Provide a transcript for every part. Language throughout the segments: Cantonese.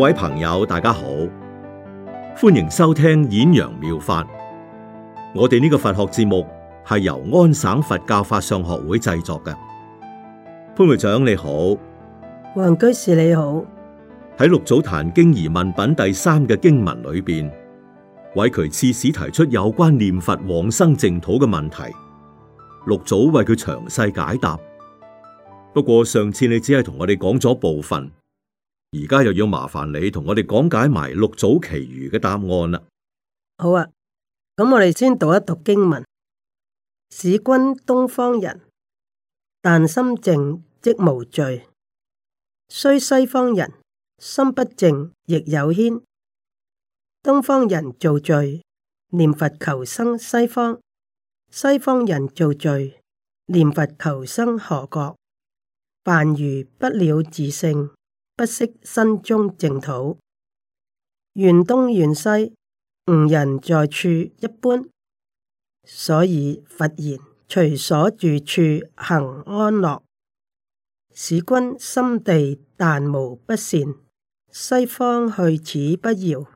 各位朋友，大家好，歡迎收聽演揚妙，妙法。我哋呢個佛學節目係由安省佛教法相學會製作嘅。潘會長你好，王居士你好。喺六祖壇經疑問品第三嘅經文裏邊，韋璩刺史提出有關念佛往生淨土嘅問題，六祖為佢詳細解答。不過上次你只係同我哋講咗部分。而家又要麻煩你同我哋講解埋六祖其餘嘅答案啦。好啊，咁我哋先讀一讀經文：使君東方人，但心淨即無罪；雖西方人心不淨，亦有牽。東方人造罪，念佛求生西方；西方人造罪，念佛求生何國？凡如不了自性。不識身中淨土，願東願西，悟人在處一般。所以佛言，隨所住處行安樂，使君心地但無不善，西方去此不遙。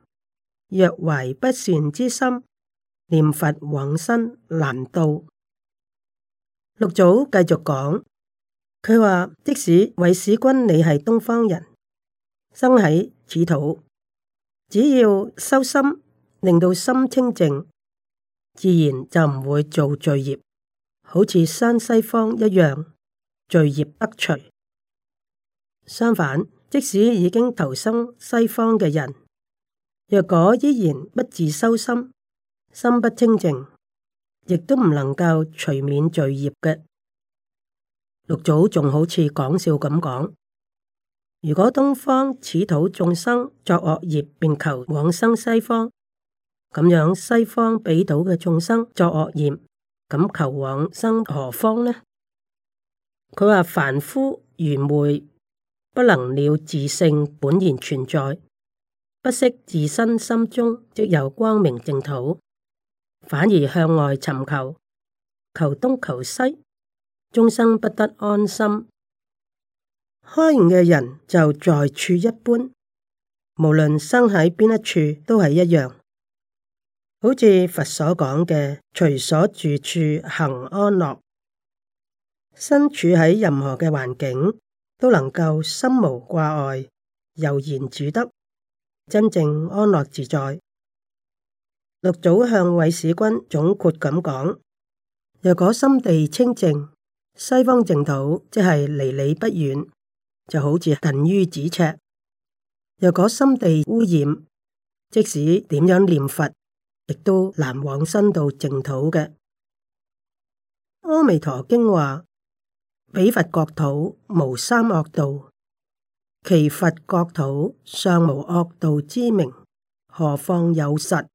若懷不善之心，念佛往生難到。六祖繼續講，佢話即使韋使君，你係東方人。生喺此土，只要修心，令到心清淨，自然就唔會做罪業，好似生西方一樣，罪孽不除。相反，即使已經投生西方嘅人，若果依然不自修心，心不清淨，亦都唔能夠除免罪孽嘅。六祖仲好似講笑咁講。如果東方此土眾生作惡業，便求往生西方，咁樣西方彼到嘅眾生作惡業，咁求往生何方呢？佢話凡夫愚昧，不能了自性本然存在，不惜自身心中即有光明淨土，反而向外尋求，求東求西，終生不得安心。開悟嘅人就在處一般，無論生喺邊一處都係一樣。好似佛所講嘅，隨所住處行安樂，身處喺任何嘅環境，都能夠心無掛礙，悠然自得，真正安樂自在。六祖向韋使君總括咁講：若果心地清淨，西方淨土即係離你不遠。就好似近於咫尺，若果心地污染，即使點樣念佛，亦都難往生到淨土嘅。阿彌陀經話：彼佛國土無三惡道，其佛國土尚無惡道之名，何況有實？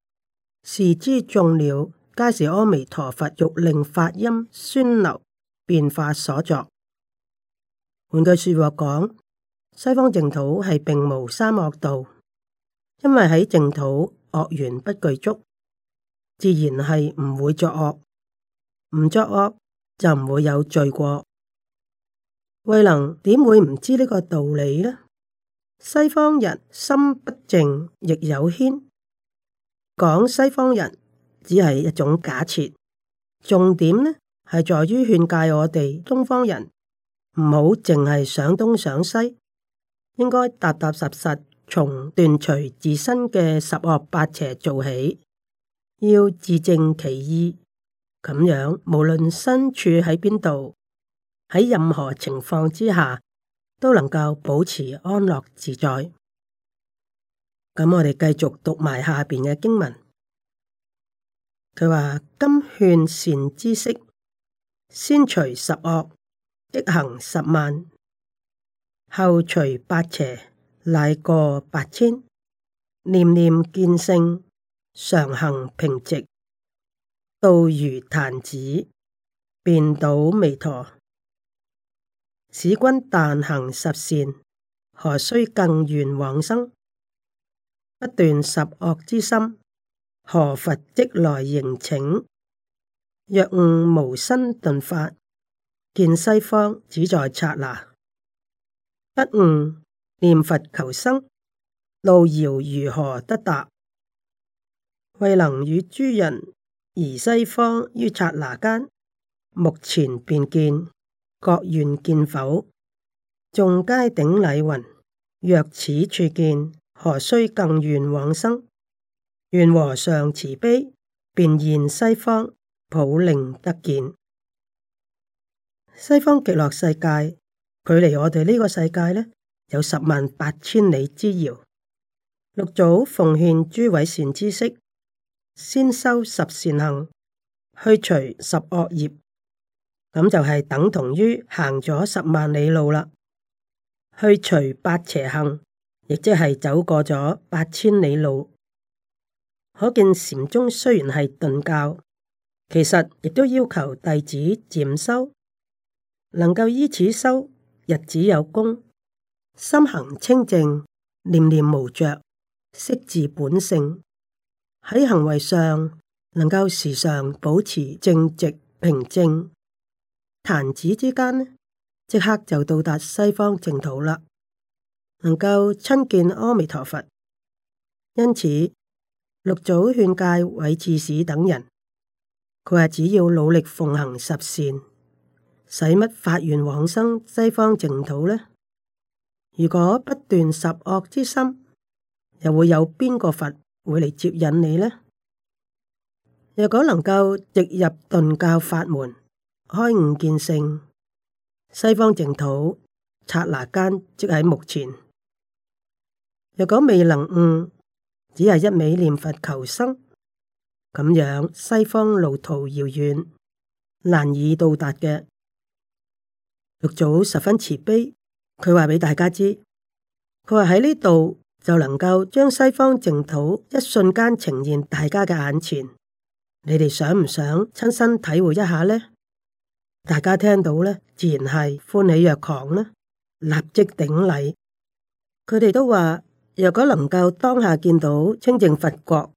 是諸眾鳥，皆是阿彌陀佛欲令法音宣流，變化所作。換句話說話講，西方淨土係並無三惡道，因為喺淨土惡緣不具足，自然係唔會作惡，唔作惡就唔會有罪過。慧能點會唔知呢個道理呢？西方人心不淨亦有愆，講西方人只係一種假設，重點呢係在於勸誡我哋東方人。唔好淨係想東想西，應該踏踏實實從斷除自身嘅十惡八邪做起，要自正其意，咁樣無論身處喺邊度，喺任何情況之下都能夠保持安樂自在。咁我哋繼續讀埋下邊嘅經文，佢話，今勸善知識，先除十惡，即行十萬，後除八邪，乃過八千，念念見性，常行平直，道如彈指，便倒彌陀。使君但行十善，何須更願往生？不斷十惡之心，何佛即來迎請？若悟無,無身頓法。見西方只在剎那，不悟念佛求生路，遙如何得達？惠能與諸人移西方於剎那間，目前便見，各願見否？眾皆頂禮云：若此處見，何須更願往生？願和尚慈悲，便現西方普令得見。西方極樂世界，距離我哋呢個世界呢，有十萬八千里之遙。六祖奉勸諸位善知識，先修十善行，去除十惡業，咁就係等同於行咗十萬里路啦。去除八邪行，亦即係走過咗八千里路。可見禪宗雖然係頓教，其實亦都要求弟子漸修。能夠依此修，日子有功，心行清淨，念念無著，識自本性，喺行為上能夠時常保持正直平靜，彈指之間即刻就到達西方淨土啦，能夠親見阿彌陀佛。因此六祖勸誡韋刺史等人，佢話只要努力奉行十善。使乜發願往生西方淨土呢？如果不斷十惡之心，又會有邊個佛會嚟接引你呢？若果能夠直入頓教法門，開悟見性，西方淨土剎那間即喺目前。若果未能悟，只係一味念佛求生，咁樣西方路途遙遠，難以到達嘅。六祖十分慈悲，佢話俾大家知，佢話喺呢度就能夠將西方淨土一瞬間呈現大家嘅眼前，你哋想唔想親身體會一下咧？大家聽到咧，自然係歡喜若狂啦，立即頂禮。佢哋都話，若果能夠當下見到清淨佛國，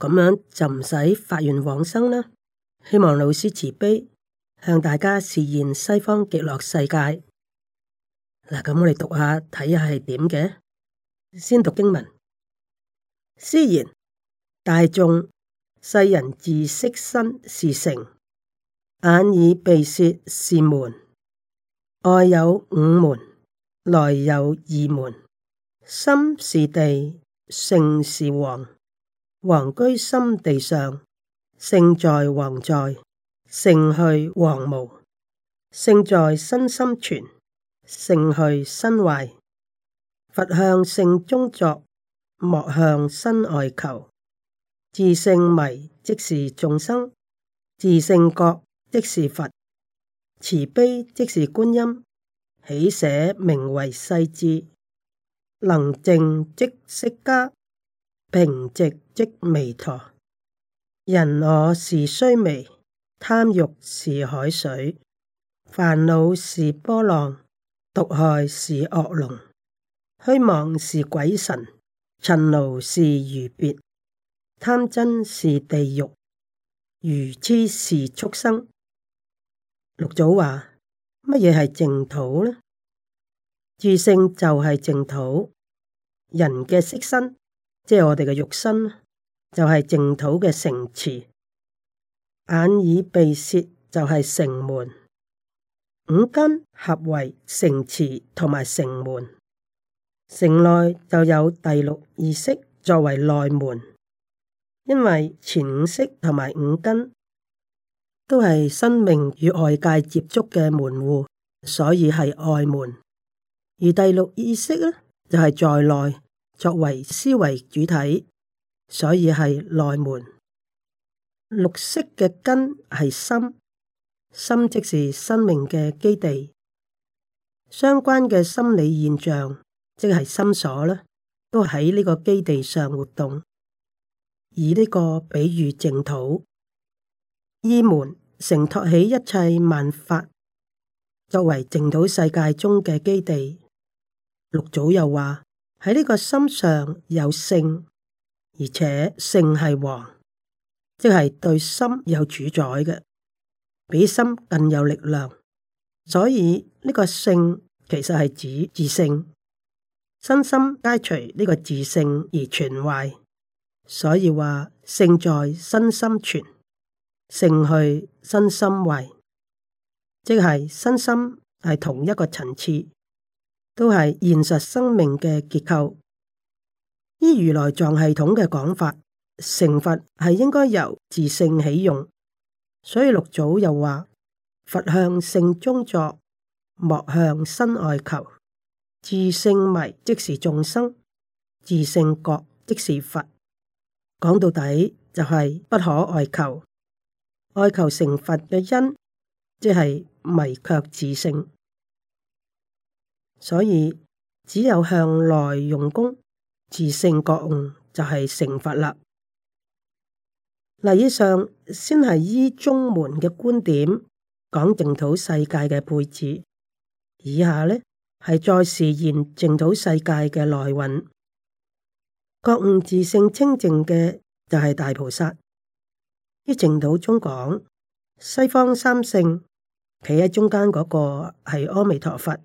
咁樣就唔使發願往生啦。希望老師慈悲。向大家示現西方極樂世界。嗱，咁我哋讀下睇下係點嘅。先讀經文，師言，大眾世人自色身是城，眼耳鼻舌是門，外有五門，內有二門，心是地，性是王，王居心地上，性在王在。性去王無，性在身心存；性去身壞，佛向性中作；莫向身外求。自性迷即是眾生，自性覺即是佛。慈悲即是觀音，喜捨名為勢至。能淨即釋迦，平直即彌陀。人我是須彌。貪欲是海水，煩惱是波浪，毒害是惡龍，虛妄是鬼神，塵勞是魚鱉，貪嗔是地獄，愚痴是畜生。六祖話：乜嘢係淨土呢？自性就係淨土，人嘅色身，即係我哋嘅肉身，就係淨土嘅城池。眼、耳、鼻、舌就係城門，五根合為城池同埋城門。城內就有第六意識作為內門，因為前五識同埋五根都係生命與外界接觸嘅門戶，所以係外門。而第六意識呢就係、是、在內，作為思維主體，所以係內門。綠色嘅根係心，心即是生命嘅基地。相關嘅心理現象，即係心所啦，都喺呢個基地上活動。以呢個比喻淨土，依門承托起一切萬法，作為淨土世界中嘅基地。六祖又話：喺呢個心上有性，而且性係王。即係對心有主宰嘅，比心更有力量。所以呢、呢個性其實係指自性，身心皆隨呢個自性而存壞。所以話性在身心存，性去身心壞，即係身心係同一個層次，都係現實生命嘅結構。依如來藏系統嘅講法。成佛係應該由自性起用，所以六祖又話：佛向性中作，莫向身外求。自性迷即是眾生，自性覺即是佛。講到底就係不可外求，外求成佛嘅因，即係迷卻自性。所以只有向內用功，自性覺悟就係成佛啦。以上先係依中門嘅觀點講淨土世界嘅配置。以下呢係再示現淨土世界嘅內蘊，覺悟自性清淨嘅就係、是、大菩薩。喺淨土中講西方三聖，企喺中間嗰個係阿彌陀佛，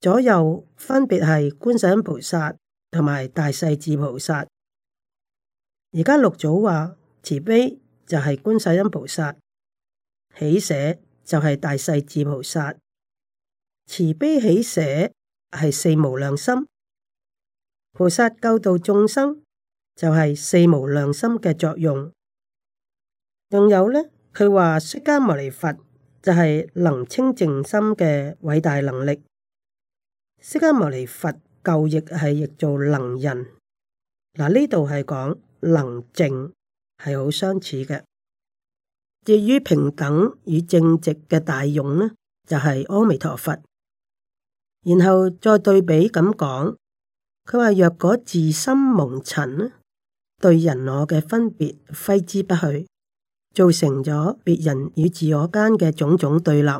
左右分別係觀世音菩薩同埋大勢至菩薩。而家六祖話。慈悲就係觀世音菩薩，喜捨就係大勢至菩薩，慈悲喜捨係四無量心，菩薩救度眾生就係四無量心嘅作用。仲有呢？佢話釋迦牟尼佛就係能清淨心嘅偉大能力。釋迦牟尼佛救亦係亦做能人。嗱，呢度係講能淨。係好相似嘅。至於平等與正直嘅大用，呢，就係阿彌陀佛。然後再對比咁講，佢話若果自心蒙塵呢，對人我嘅分別揮之不去，造成咗別人與自我間嘅種種對立，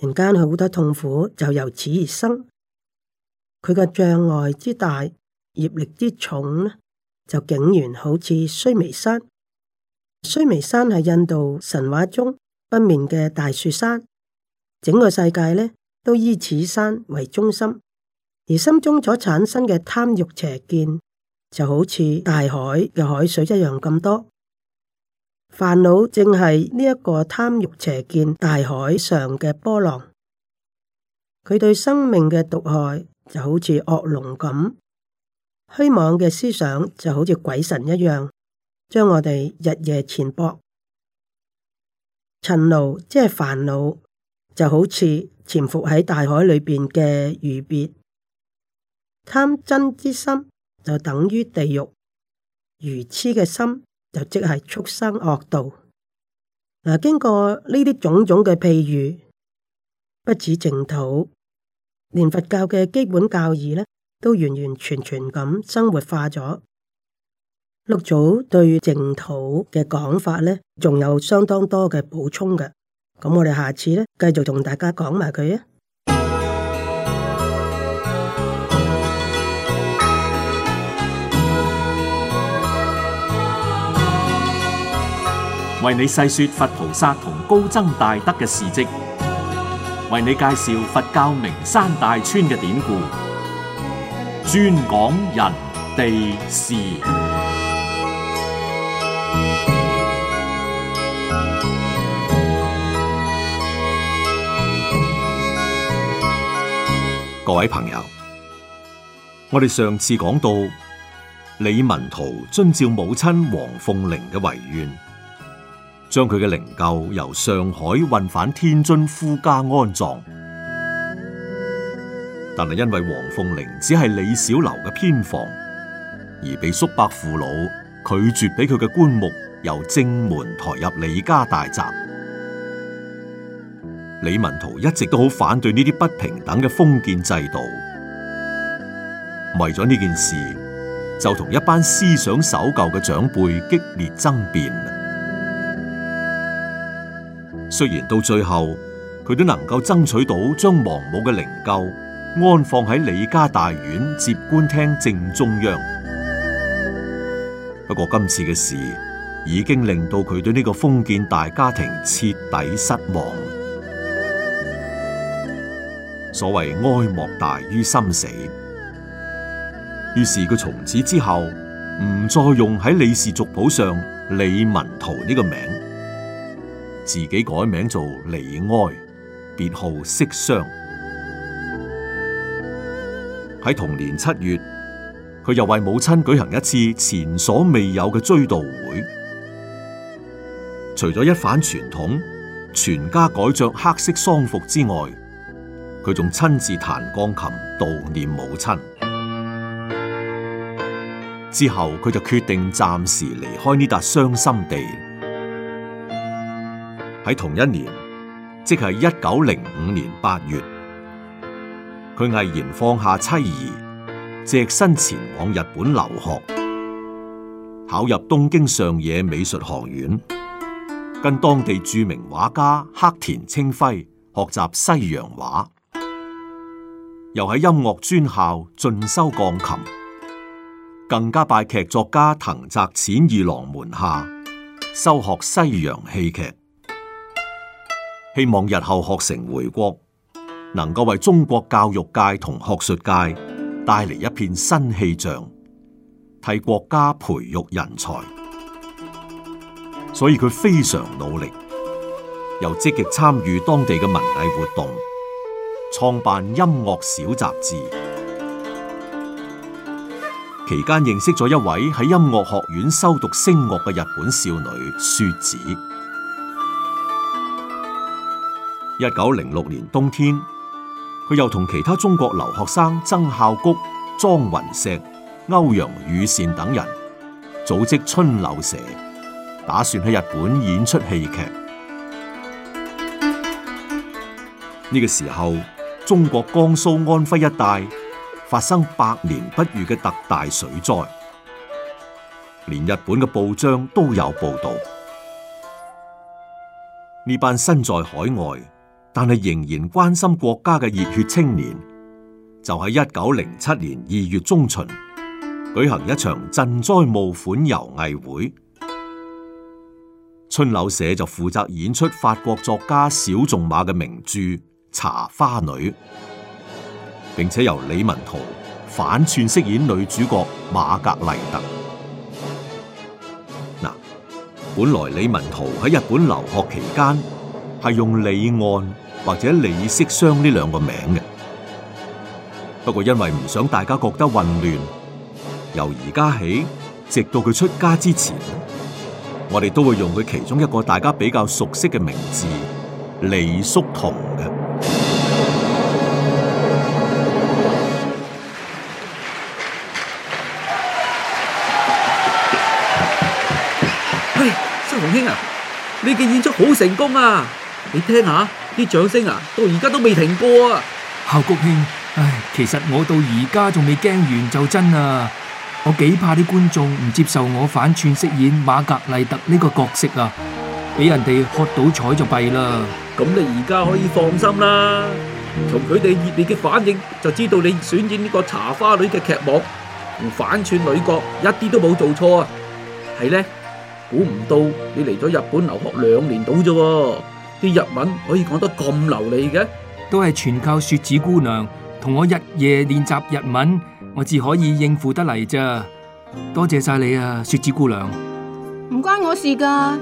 人間好多痛苦就由此而生。佢嘅障礙之大，業力之重呢？就警員好似須彌山，須彌山係印度神話中不眠嘅大雪山，整個世界呢都以此山為中心，而心中所產生嘅貪欲邪見就好似大海嘅海水一樣咁多，煩惱正係呢一個貪欲邪見大海上嘅波浪，佢對生命嘅毒害就好似惡龍咁。虛妄嘅思想就好似鬼神一樣，將我哋日夜纏縛。塵勞即係煩惱，就好似潛伏喺大海裏邊嘅魚鱉。貪真之心就等於地獄，愚痴嘅心就即係畜生惡道。嗱，經過呢啲種種嘅譬喻，不止淨土，連佛教嘅基本教義咧。都完完全全咁生活化咗。六祖對淨土嘅講法咧，仲有相當多嘅補充嘅。咁我哋下次咧，繼續同大家講埋佢啊！為你細說佛菩薩同高僧大德嘅事跡，為你介紹佛教名山大川嘅典故。專講人哋事。各位朋友，我哋上次講到李文圖遵照母親黃鳳玲嘅遺願，將佢嘅靈柩由上海運返天津夫家安葬。但係因為黃鳳玲只係李小樓嘅偏房，而被叔伯父老拒絕，俾佢嘅棺木由正門抬入李家大宅。李文圖一直都好反對呢啲不平等嘅封建制度，為咗呢件事就同一班思想守舊嘅長輩激烈爭辯。雖然到最後佢都能夠爭取到將亡母嘅靈柩。安放喺李家大院接官廳正中央。不過今次嘅事已經令到佢對呢個封建大家庭徹底失望。所謂哀莫大於心死，於是佢從此之後唔再用喺李氏族譜上李文濤呢個名，自己改名做李哀，別號息霜。喺同年七月，佢又為母親舉行一次前所未有嘅追悼會。除咗一反傳統，全家改着黑色喪服之外，佢仲親自彈鋼琴悼念母親。之後，佢就決定暫時離開呢笪傷心地。喺同一年，即係一九零五年八月。佢毅然放下妻兒，隻身前往日本留學，考入東京上野美術學院，跟當地著名畫家黑田清輝學習西洋畫，又喺音樂專校進修鋼琴，更加拜劇作家藤澤淺二郎門下修學西洋戲劇，希望日後學成回國。能夠為中國教育界同學術界帶嚟一片新氣象，替國家培育人才。所以佢非常努力，又積極參與當地嘅文藝活動，創辦音樂小雜誌。期間認識咗一位喺音樂學院修讀聲樂嘅日本少女雪子。一九零六年冬天。佢又同其他中國留學生曾孝谷、莊雲石、歐陽予倩等人組織春柳社，打算喺日本演出戲劇。呢、這個時候，中國江蘇安徽一帶發生百年不遇嘅特大水災，連日本嘅報章都有報道。呢班身在海外但係仍然關心國家嘅熱血青年，就喺一九零七年二月中旬舉行一場賑災募款遊藝會，春柳社就負責演出法國作家小仲馬嘅名著《茶花女》，並且由李文濤反串飾演女主角瑪格麗特。嗱，本來李文濤喺日本留學期間係用李岸。或者李息霜呢兩個名嘅，不過因為唔想大家覺得混亂，由而家起，直到佢出家之前，我哋都會用佢其中一個大家比較熟悉嘅名字李叔同嘅。喂，叔同兄啊，你嘅演出好成功啊！你聽下。啲掌聲啊，到而家都未停過啊！校國兄，唉，其實我到而家仲未驚完就真啊，我幾怕啲觀眾唔接受我反串飾演瑪格麗特呢個角色啊，俾人哋喝到彩就弊啦。咁 你而家可以放心啦，從佢哋熱烈嘅反應就知道你選演呢個《茶花女》嘅劇目，同反串女角一啲都冇做錯啊。係咧，估唔到你嚟咗日本留學兩年到啫、啊。啲日文可以講得咁流利嘅，都係全靠雪子姑娘同我日夜練習日文，我至可以應付得嚟咋。多謝晒你啊，雪子姑娘。唔關我事噶，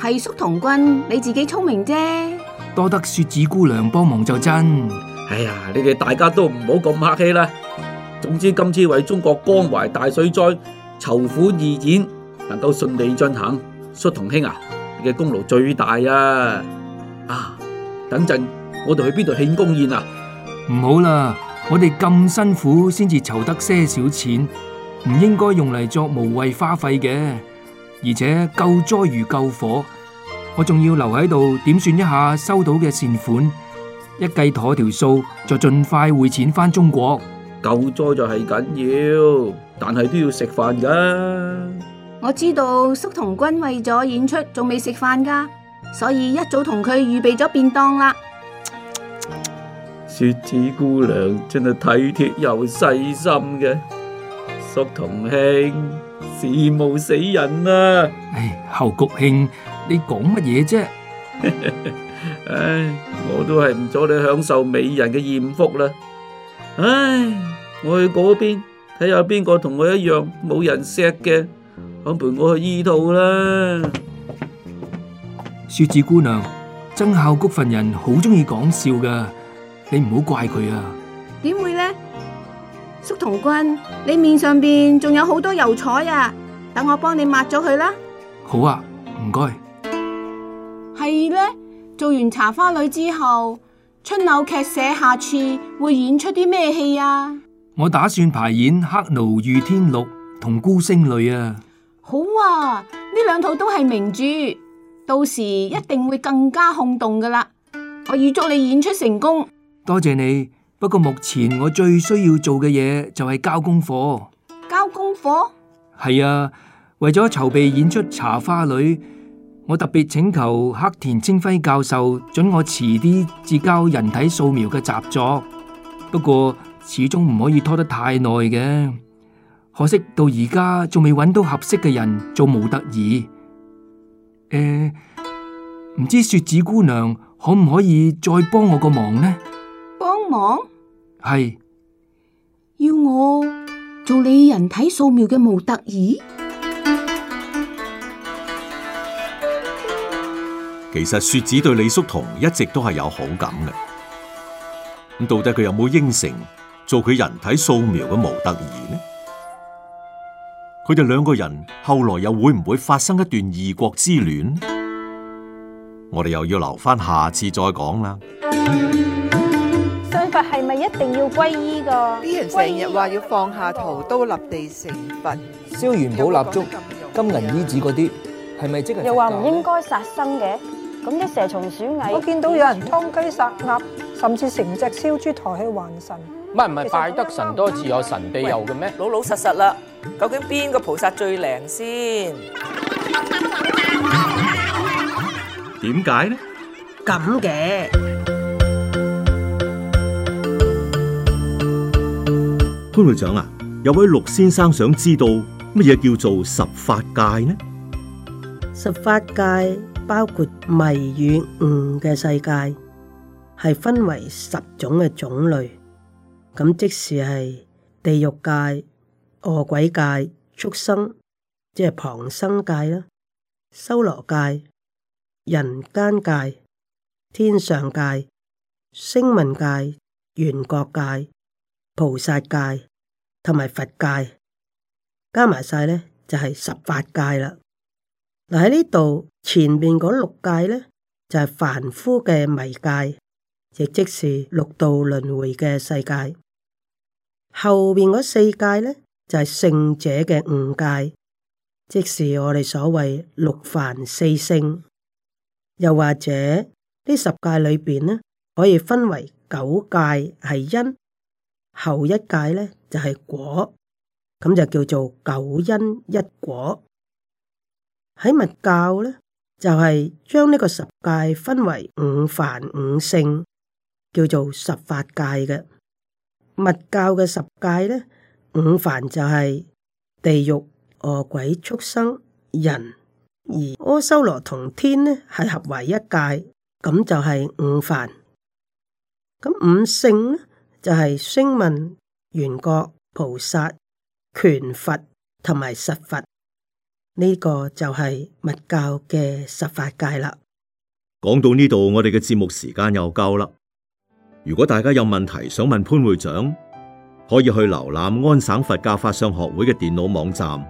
係叔同君你自己聰明啫。多得雪子姑娘幫忙就真。哎呀，你哋大家都唔好咁客氣啦。總之今次為中國江淮大水災籌款義演能夠順利進行，叔同兄啊，你嘅功勞最大啊！啊！等陣，我哋去邊度慶功宴啊？唔好啦，我哋咁辛苦先至籌得些少錢，唔應該用嚟作無謂花費嘅。而且救災如救火，我仲要留喺度點算一下收到嘅善款，一計妥條數就盡快匯錢返中國。救災就係緊要，但係都要食飯噶。我知道叔同君為咗演出仲未食飯噶。所以一早同佢預備咗便當啦。雪子姑娘真係體貼又細心嘅。叔同兄，羨慕死人啊！唉、哎，侯國興，你講乜嘢啫？ 唉，我都係唔阻你享受美人嘅艷福啦。唉，我去嗰邊睇下邊個同我一樣冇人錫嘅，肯陪我去醫肚啦。雪子姑娘，曾孝谷份人好中意講笑噶，你唔好怪佢啊。點會呢？叔同君，你面上邊仲有好多油彩啊，等我幫你抹咗佢啦。好啊，唔該。係咧，做完《茶花女》之後，春柳劇社下次會演出啲咩戲啊？我打算排演《黑奴遇天祿》同《孤星女》啊。好啊，呢兩套都係名著。到時一定會更加轟動噶啦！我預祝你演出成功。多謝你，不過目前我最需要做嘅嘢就係交功課。交功課？係啊，為咗籌備演出《茶花女》，我特別請求黑田清輝教授準我遲啲至交人體素描嘅習作。不過始終唔可以拖得太耐嘅。可惜到而家仲未揾到合適嘅人做模特兒。誒，唔、嗯、知雪子姑娘可唔可以再幫我個忙呢？幫忙係是要我做你人體素描嘅模特兒？其實雪子對李叔同一直都係有好感嘅，咁到底佢有冇應承做佢人體素描嘅模特兒呢？佢哋兩個人後來又會唔會發生一段異國之戀？我哋又要留翻下次再講啦。信佛係咪一定要皈依㗎？啲人成日話要放下屠刀立地成佛，燒元寶蠟燭、金銀衣紙嗰啲，係咪即係？又話唔應該殺生嘅，咁啲蛇蟲鼠蟻，我見到有人劏雞殺鴨，甚至成隻燒豬抬去還神。唔係唔係，拜得神多自有神庇佑嘅咩？老老實實啦。究竟邊個菩薩最靈先？點解呢？咁嘅，潘會長啊，有位陸先生想知道乜嘢叫做十法界呢？十法界包括迷與悟嘅世界，係分為十種嘅種類。咁即時係地獄界。餓鬼界、畜生即係旁生界啦、修羅界、人間界、天上界、聲聞界、緣覺界、菩薩界同埋佛界，加埋晒呢，就係、是、十八界啦。嗱喺呢度前面嗰六界呢，就係、是、凡夫嘅迷界，亦即是六道輪回嘅世界。後邊嗰四界呢，就係聖者嘅五界，即是我哋所謂六凡四聖，又或者呢十界裏邊呢，可以分為九界，係因，後一界呢就係、是、果，咁就叫做九因一果。喺佛教呢，就係、是、將呢個十界分為五凡五聖，叫做十法界嘅。佛教嘅十界呢？五凡就係地獄、餓鬼、畜生、人，而阿修羅同天呢係合為一界，咁就係五凡。咁五聖呢就係、是、聲聞、緣覺、菩薩、權佛同埋實佛，呢、這個就係佛教嘅十法界啦。講到呢度，我哋嘅節目時間又夠啦。如果大家有問題想問潘會長。可以去瀏覽安省佛教法相學會嘅電腦網站，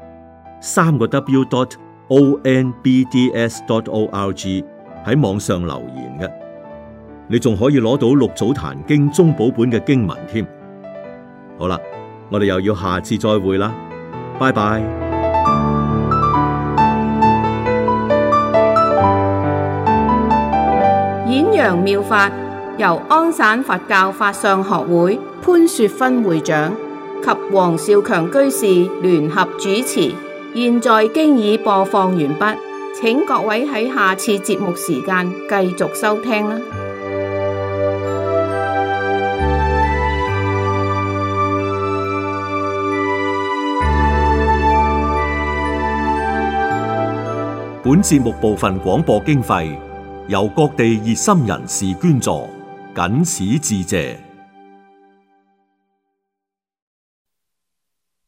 三個 w.dot.onbds.dot.org 喺網上留言嘅，你仲可以攞到六祖壇經宗寶本嘅經文添。好啦，我哋又要下次再會啦，拜拜。演揚妙法。由安省佛教法相學會潘雪芬會長及黃少強居士聯合主持，現在經已播放完畢，請各位喺下次節目時間繼續收聽啦。本節目部分廣播經費由各地熱心人士捐助。僅此致謝。